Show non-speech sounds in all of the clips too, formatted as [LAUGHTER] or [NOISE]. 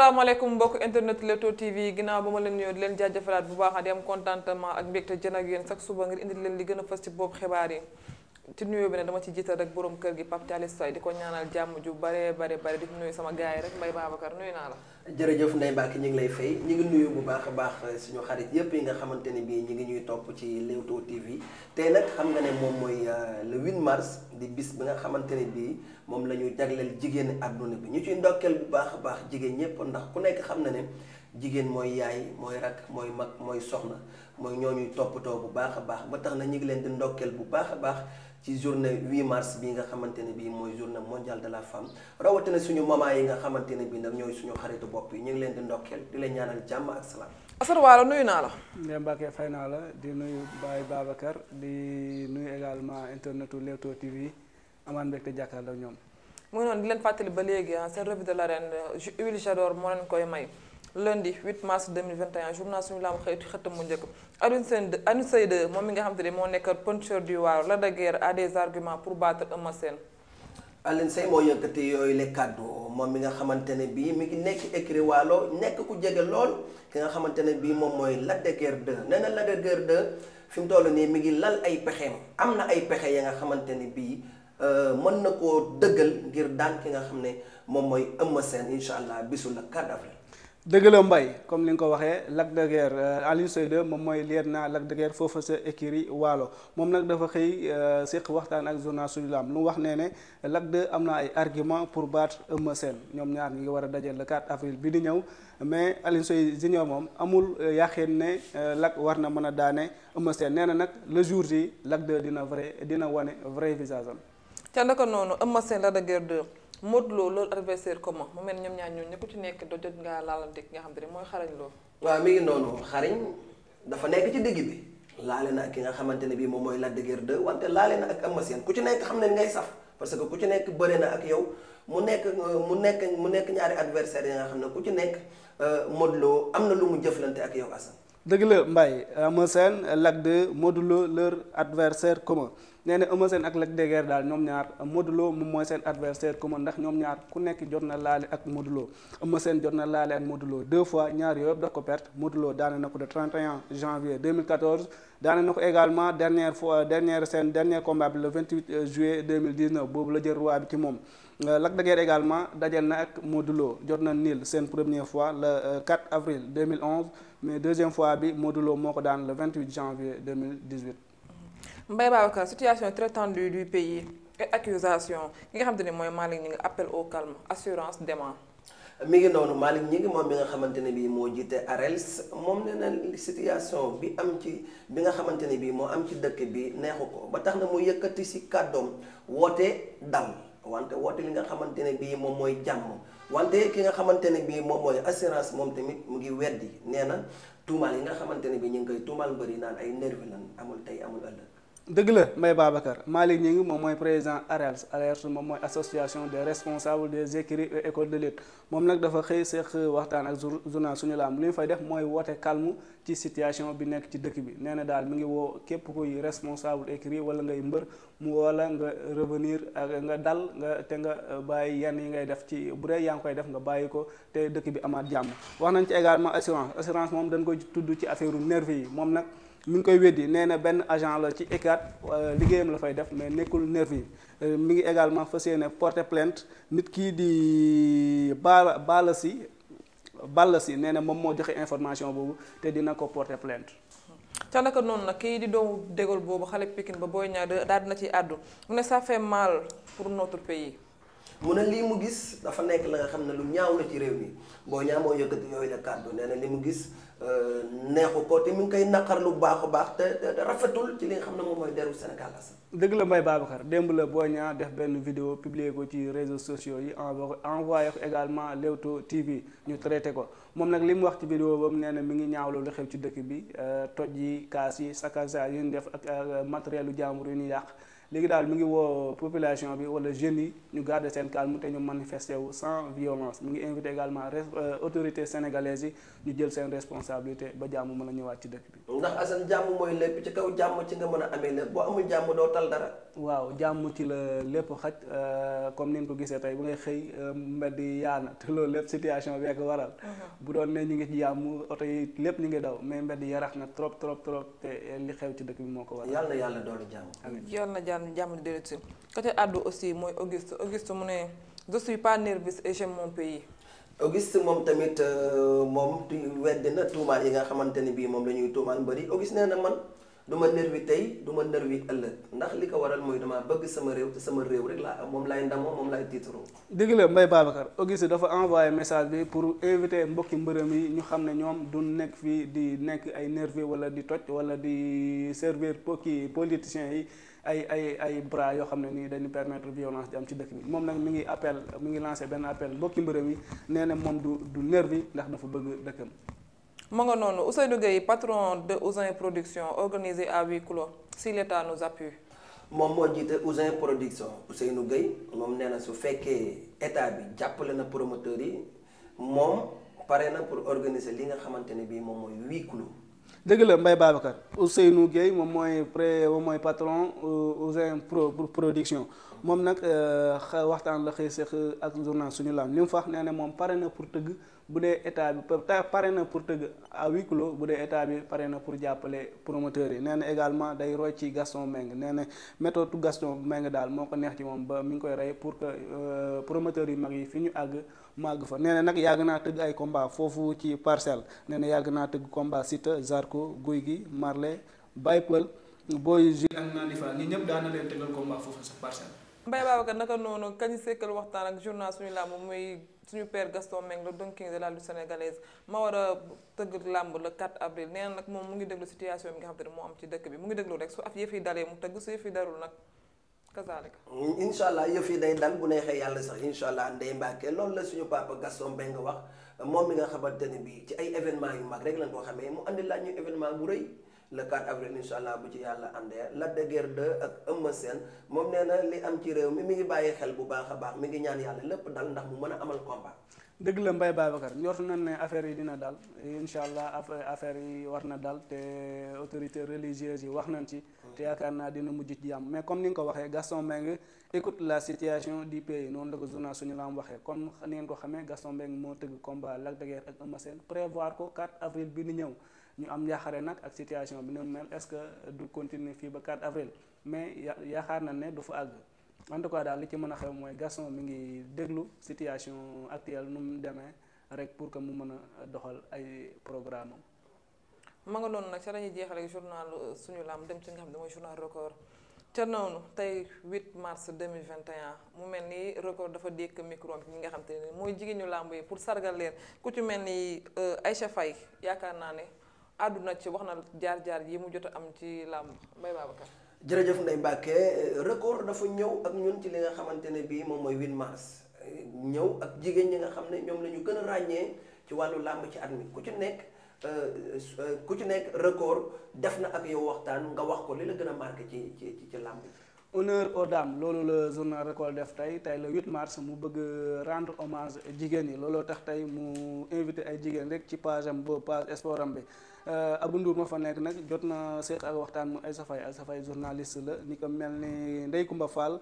asalaamaaleykum mbokk internet Leewtoo TV ginnaaw ba ma leen nuyoo di leen jaajëfalaat bu baax di am contentement ak mbégte jën ak yéen sax suba ngir indi leen li gën a ci boobu xibaar yi ci nuyoo bi ne dama ci jiital rek borom kër gi Pape Thialy Soy di ko ñaanal jàmm ju bare bare bare di nuyu sama gars yi rek Mbaye Babacar nuyu naa la jërëjëf Ndeye Mbacke ñu ngi lay fay ñu ngi nuyu bu baax a baax suñu xarit yépp yi nga xamante ne bii ñu ngi ñuy topp ci Leewtoo TV tey nag xam nga ne moom mooy euh, le 8 mars di bis bi nga xamante ne bii moom la ñu jagleel jigéen àdduna bi ñu ci ndokkeel bu baax a baax jigéen ñépp ndax ku nekk xam na ne jigéen mooy yaay mooy rakk mooy mag mooy soxna mooy ñooñuy toppatoo bu baax a baax ba tax na ñu ngi leen di ndokkeel bu baax a baax ci journée 8 mars bi nga xamante ne bii mooy journée mondiale de la femme rawatina suñu maman yi nga xamante ne bii nag ñooy suñu xaritu bopp yi ñu ngi leen di ndokkeel di leen ñaanal jàmm ak salaam. Assane Waala nuyu naa la. Ndeye Mbacke fay naa la di nuyu Baye Babacar di nuyu également internetu Leewtoo TV amaan mbégte jàkkaarloo ñoom. mu ngi noonu di leen fàttali ba léegi ah seen revue de l'arène euh, Huile Jador moo leen koy may. lundi 8 mars 2021 journal suñu lamb xëy xëttam mu njëkk Alioune Sène Alioune Sèye 2 moom mi nga xam te ne moo nekk puncheur du waar la guerre a des arguments pour battre Eumeu Sène Alioune Sèye moo yooyu le kàddu moom mi nga xamante ne bii mi ngi nekk écrit waalo nekk ku jege lool ki nga xamante ne bii moom mooy Lac de Guiers 2 nee na Lac de fi mu toll nii mi ngi lal ay pexeem am na ay pexe ya nga xamante ne bii euh, mën na koo dëggal ngir daan ki xam ne moom mooy Eumeu Sène incha allah bisu la 4 avril dëgg mbay comme ni nga ko waxee Lac de Guiers euh, Alioune moom mooy lieutenant Lac de Guiers foofa sa écurie waalo moom nag dafa xëy euh, séq waxtaan ak journal Sunu Lamb lu mu wax nee ne Lac am na ay argument pour battre Eumeu Sène ñoom ñaar ñi ngi war a daje le 4 avril bi di ñëw mais Alioune Seye junior moom amul euh, yaqeen ne Lac war na mën a daane Eumeu Sène nee na nag le jour ji Lac dina vrai dina wane vrai visage ca naka noonu Eumeu Sène Lac de Guiers 2 Modou Lo loolu adversaire commun mu mel ñoom ñaar ñooñu ñëpp ci nekk do jot ngaa laalante ki nga xam te ne mooy xarañ loolu. waaw mi dafa nekk ci digg bi laale na ki nga xamante ne bii moom mooy Lac de wante laale na ak ma Sène ku ci nekk xam ne ngay saf parce que ku ci nekk bëre na ak yow mu nekk mu nekk mu nekk ñaari adversaire yi nga xam ne ku ci nekk euh, Modou Lo am na lu mu jëflante ak yow Assane dëgg la Mbaye Eumeu Sène Lac de Modou Lo leur adversaire commun nee na Eumeu Sène ak Lac de Guiers daal ñoom ñaar Modou Lo moom mooy seen adversaire commun ndax ñoom ñaar ku nekk jot na laale ak Modou Lo seen Sène jot na laale ak Modou Lo deux fois ñaar yooyu yëpp daf ko perte Modou Lo daane na ko de 31 janvier 2014 daane na ko également dernière fois dernière seen dernier combat bi le 28 juillet 2019 boobu la jël roi bi ci Euh, Lac de Guiers également dajal na ak Modou jot na nil seen première fois le 4 euh, avril 2011 mais deuxième fois bi Modou moo ko daan le 28 janvier 2018. Mbaye Babacar situation très tendue du pays et accusation ki nga xamante ne mooy Malick ñi ngi appel assurance demain. mi ngi noonu ñi ngi moom mi nga xamante ne bii moo jiite ARELS moom nee na situation bi am ci bi nga xamante ne bii moo am ci dëkk bi neexu ko ba tax na mu yëkkati si kàddoom woote dal. wante woote li nga xamante ne bii moom mooy jàmm wante ki nga xamante ne bii moom mooy assurance moom tamit mu ngi weddi nee na tuumaal yi nga xamante ne bii ñu ngi koy tuumaal mbëri naan ay nervi lan amul tey amul ëllëg dëgg la Mbaye Babacar Malick ngi moom mooy président ARELS su moom mooy association des responsables des écuries et de lutte moom nag dafa xëy seq waxtaan ak journal suñu laam li ñu fay def mooy woote calme ci situation bi nekk ci dëkk bi nee na daal mi ngi woo képp kuy responsable écurie wala ngay mbër mu wala nga revenir ak nga dal nga te nga euh, bàyyi yenn yi ngay def ci bu dee yaa ngi koy def nga bàyyi ko te dëkk bi amaat jàmm wax nañ ci également assurance assurance moom dañ koy tudd ci affaire nervi yi moom nag mi ngi koy weddi nee na benn agent la ci ECAT euh, liggéeyam la fay def mais nekkul nervi euh, mi ngi également fa yéene porter plainte nit kii di baala baala si balla si nee na moom moo joxe information boobu te dina ko porter plainte ca naka noonu nag kii di doomu dégol boobu xale Pikine ba booy Niang daal dina ci àddu mu ne ça fait mal pour notre pays mu ne lii mu gis dafa nekk la nga xam ne lu ñaaw la ci réew mi boo Niang moo yëkkati yooyu la kàddu nee na gis Euh, neexu ko te mu ngi koy naqar lu baax a baax te rafetul ci li nga xam ne moom mooy deru Sénégal la sax. dëgg la may Babacar démb la boo Niang def benn vidéo publié ko ci réseaux sociaux yi envoyé ko également Leewtoo TV ñu traité ko moom nag li mu wax ci vidéo boobu nee na mi ngi ñaawlu lu xew ci dëkk bi euh, toj yi kaas yi saccage yi ñu def ak matériel lu jàmbur yu ñuy yàq. léegi daal mu ngi woo population bi wala jeunes yi ñu garder seen calme te ñu manifester wu sans violence mi ngi invité également euh, autorité sénégalaise yi ñu jël seen responsabilité ba jàmm mën a ñëwaat ci dëkk bi. ndax Assane jàmm mooy lépp ci kaw jàmm ci nga mën a amee lépp boo amul jàmm doo tal dara. waaw jàmm ci la lépp xaj euh, comme ni nga ko gisee tey bu ngay xëy euh, mbedd yi yaana [LAUGHS] te loolu lépp situation bi ak waral. Uh-huh. bu doon ne ñu ngi ci jàmm oto yi lépp ñu ngi daw mais mbedd yarax na trop trop trop te xew ci dëkk bi moo ko waral. yàlla yàlla doolu jàmm. ni jàmm di dellu si côté àddu aussi mooy Auguste Auguste mu ne je suis pas nerveuse et j'aime mon pays. Auguste moom tamit euh, moom weddi na tuumaal yi nga xamante ni bii moom la ñuy tuumaal mbëri Auguste nee na man. du ma nervi tey du ma nervi ëllëg ndax li ko waral mooy dama bëgg sama réew te sama réew rek laa moom laay ndamoo moom laay tiitaroo. dëgg la Mbaye Babacar Auguste dafa envoyé message bi pour inviter mbokki mbërëm yi ñu xam ne ñoom du nekk fii di nekk ay nervi wala di toj wala di servir pokki politiciens yi ay ay ay bras yoo xam ne nii dañu permettre violence di am ci dëkk bi moom nag mi ngi appel mi ngi lancé benn appel mbokki mbërëm yi nee na moom du du nervi ndax dafa bëgg dëkkam. ma nga noonu Ousseynou Gueye patron de Ousin Production organisé à huis clos si l'État nous appuie. moom moo jiite Ousin Production Ousseynou Gueye moom nee na su fekkee état bi jàppale na promoteur yi moom pare na pour organiser li nga xamante ne bii moom mooy huis clos. dëgg la Mbaye Babacar Ousseynou moom mooy pré moom mooy patron euh, Ousin pro production moom nag euh, waxtaan la xëy seq ak journal suñu laam li mu fax nee na moom pare na pour tëgg. bu dee état bi pare na pour tëgg à huis bu dee état bi pare na pour jàppale promoteurs yi nee na également day roy ci Gaston Mbengue nee na méthode Gaston Mbengue daal moo ko neex ci moom ba mi ngi koy rey pour que euh, promoteurs yu mag yi fi ñu àgg màgg fa nee nag yàgg naa tëgg ay komba foofu ci parcelle nee na yàgg naa tëgg combat Siteu Zarko Guy gi Marley Baye Peul booy Jules ak Nandi Fall ñi ñëpp daan na leen tëggal combat foofu sa parcelle Mbaye Babacar naka noonu kañu sekkal waxtaan ak journal suñu làmb muy suñu père Gaston Mbengue la Don King de la lutte sénégalaise ma war a tëgg làmb le 4 avril nee na nag moom mu ngi déglu situation bi nga xam te ne moo am ci dëkk bi mu ngi déglu rek su af yëf yi dalee mu tëgg su yëf darul nag kazaalika incha allah yëf yi day dal bu neexee yàlla sax incha allah ndey mbàkke loolu la suñu papa Gaston Mbengue wax moom mi nga xamante ne bii ci ay événement yu mag rek lañ koo xamee mu andi la ñu événement bu rëy la 4 avril incha allah bu ci yàlla am Lac de Guiers 2 ak Eumeu Sène moom nee na li am ci réew mi mi ngi bàyyi xel bu baax a baax mi ngi ñaan yàlla lépp dal ndax mu mën a amal combat. dëgg la Mbaye Babacar ñortu nañ ne affaire yi dina dal incha allah affaire yi war na dal te autorités religieuses yi wax nañ ci. te yaakaar naa dina mujj ci jàmm mais comme ni nga ko waxee Gaston Mbengue écoute la situation du pays noonu la ko journal suñu la am waxee comme ni ko xamee Gaston Mbengue moo tëgg combat Lac de Guiers ak prévoir ko 4 avril bi ni ñëw. ñu am yaakaare nag ak situation bi ne mel est-ce que du continuer fii ba 4 avril mais yaakaar na ne du fa àgg en tout cas daal li ci mën a xew mooy Gaston mu ngi déglu situation actuelle nu mu demee rek pour que mu mën a doxal ay programme mu ma nga noonu nag ca la ñuy jeexalee journal euh, suñu lam dem ci xam ne mooy journal record ca noonu tey 8 mars 2021 mu mel ni record dafa dékk micro bi ñi nga xam te ne mooy jigéenu ñu yi pour sargal leen ku ci mel nii ni euh, Aïcha Faye yaakaar naa ne. àdduna ci wax na jaar-jaar yi mu jot am ci làmb Mbaye Babacar. jërëjëf Ndeye Mbacke record dafa ñëw ak ñun ci li nga xamante ne bii moom mooy 8 mars ñëw ak jigéen ñi nga xam ne ñoom la ñu gën a ràññee ci wàllu làmb ci at mi ku ci nekk euh, ku ci record def na ak yow waxtaan nga wax ko li la gën a marqué ci ci ci làmb bi. honneur aux dames loolu la journal Récolte def tey tey le 8 mars mu bëgg rendre hommage jigéen yi looloo tax tey mu invité ay jigéen rek ci page am ba page sport am bi euh, Abou ma fa nekk nag jot na seet ak waxtaan mu ay Faye Aïssa Faye journaliste la ni ko mel ni Ndeye Kumba Fall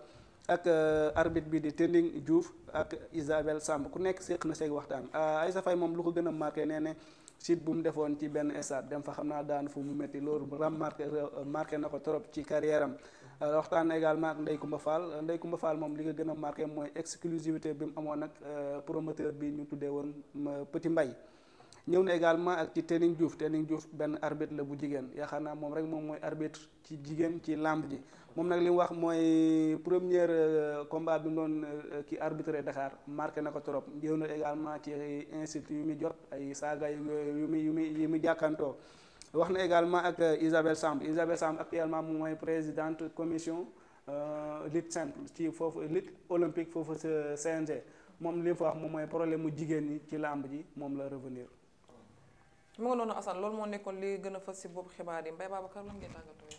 ak euh, arbitre bi di Tending Diouf ak Isabelle Samb ku nekk seq na seeg waxtaan euh, Aïssa Faye moom lu ko gën a marqué nee ne site bu mu defoon ci benn stade dem fa xam naa daan fu mu métti loolu remarqué marqué na ko ci carrière am Euh, waxtaan également ak Ndeye Koumba Fall euh, Ndeye Koumba Fall moom li nga gën a marqué mooy exclusivité bi mu amoon nag euh, promoteur bi ñu tuddee woon Petit mbay ñëw na également ak ci Tening Diouf Tening Diouf benn arbitre la bu jigéen yaakaar naa moom rek moom mooy arbitre ci jigéen ci lamb ji moom nag li mu wax mooy première combat bi mu doon ki arbitré Dakar marqué na ko trop ñëw na également ci institut yu muy jot ay saaga yu muy yu muy yu muy jàkkantoo wax na également ak euh, Isabelle Samb Isabelle Samb actuellement moom mooy présidente commission euh, lutte simple ci foofu lutte olympique foofu sa CNG moom li mu fa wax moom mooy problème mu jigéen ñi ci làmb ji moom la revenir. mu nga noonu Assane loolu moo nekkoon li gën a fës si boobu xibaar yi Mbaye Babacar lan ngeen tàggatoo.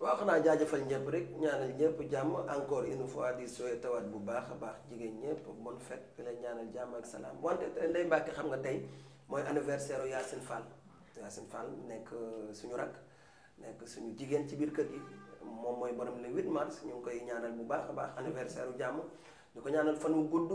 waaw naa jaajëfal ñëpp rek ñaanal ñëpp jàmm encore une fois di sooy tawaat bu baax a baax jigéen ñëpp bonne fête di la ñaanal jàmm ak salaam wante Ndeye xam nga tey mooy anniversaire u Yacine Fall nekk euh, suñu rakk nekk suñu jigéen ci biir kër gi moom mooy borom le 8 mars ñu ngi koy ñaanal bu baax a baax anniversaire u jàmm di ko ñaanal fan wu gudd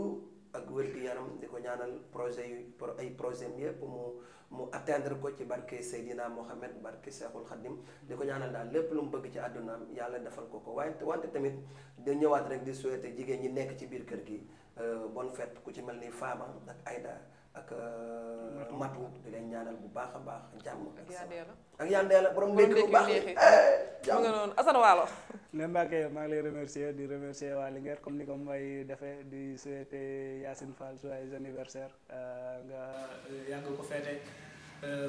ak wér gu di ko ñaanal projet yu ay projet mi yëpp mu mu atteindre ko ci barke Seydina Mohamed barke Seexul Xaddim di ko ñaanal daal lépp lu mu bëgg ci àddunaam yàlla defal ko ko waaye wante tamit di ñëwaat rek di souhaiter jigéen ñi nekk ci biir kër gi euh, bon fête ku ci mel ni Fama ak Aïda ak euh, matu di leen ñaanal bu baax a baax jàmm ak yandeela borom nekk bu baax eh, jàmm nga noonu Assane Waalo ne Mbacké maa ngi lay remercier di remercier waa Linguère comme ni ko Mbaye defee di souhaiter Yacine Fall joyeux anniversaire euh, nga euh, yàgg ko feete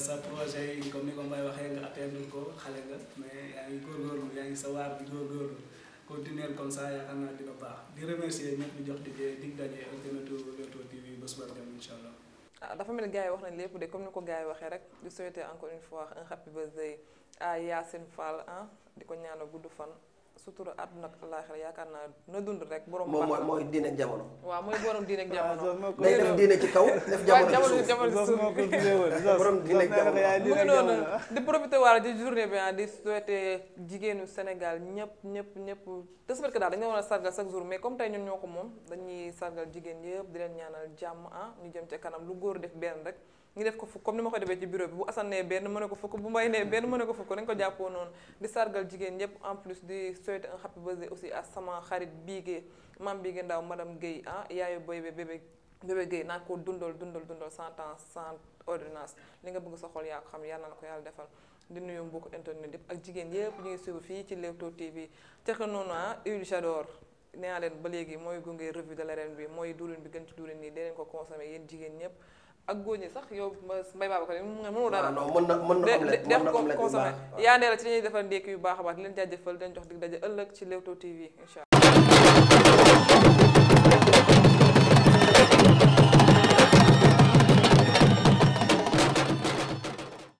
sa projet yi comme ni ko Mbaye waxee nga atteindre ko xale nga mais yaa ngi góorgóorlu yaa ngi sa waar bi góorgóorlu continuer comme ça yaakaar naa dina baax di remercier ñëpp ñu jox di dig daje ak Leewtoo TV ba suba ah dafa mel ni gars yi wax nañ lépp de comme ni ko gars yi waxee rek di souhaiter encore une fois un happy birthday à seen Fall ah di ko ñaanal gudd fan. sutura àdduna ak àllaaxira yaakaar naa na dund rek. borom baax moom mooy diine ak jamono. waa mooy borom diine ak jamono. day def diine ci kaw def jamono ci suuf borom diine ak jamono. mu ngi noonu di profité waale ci journée bi ah di souhaiter jigéenu Sénégal ñëpp ñëpp ñëpp. j'espère que daal dañu la war a sargal chaque jour mais comme tey ñun ñoo ko moom dañuy sargal jigéen yëpp di leen ñaanal jàmm ah ñu jëm ca kanam lu góor def benn rek. ñu def ko fukk comme ni ma koy defee ci bureau bu Assane nee benn mën na ko fukk bu Mbaye nee benn mën ko fukk dañ ko jàppoo noonu di sargal jigéen ñëpp en plus di souhaiter un happy birthday aussi à sama xarit Bigué maam Bigué Ndaw madame Guèye ah yaayu boy be bébé bébé Guèye naa ko dundal dundal dundal cent ans cent ordonnance li nga bëgg sa xol yaa xam yàlla na ko yàlla defal di nuyu mbokku internet yëpp ak jigéen yëpp ñu ngi suivre fii ci Leewtoo TV ca que noonu ah huile j'adore nee naa leen ba léegi mooy gunge revue de l'arène bi mooy duulin bi gën ci duulin nii dee leen ko consommer yéen jigéen ñëpp ak góor ñi sax yow mbay baa ba ko de mënoo dara non mën na na omelette mën na omelette bu baax yaa ne la ci la ñuy defal ndékki yu baax a baax di leen jaajëfal di leen jox dig daje ëllëg ci Leewtoo TV incha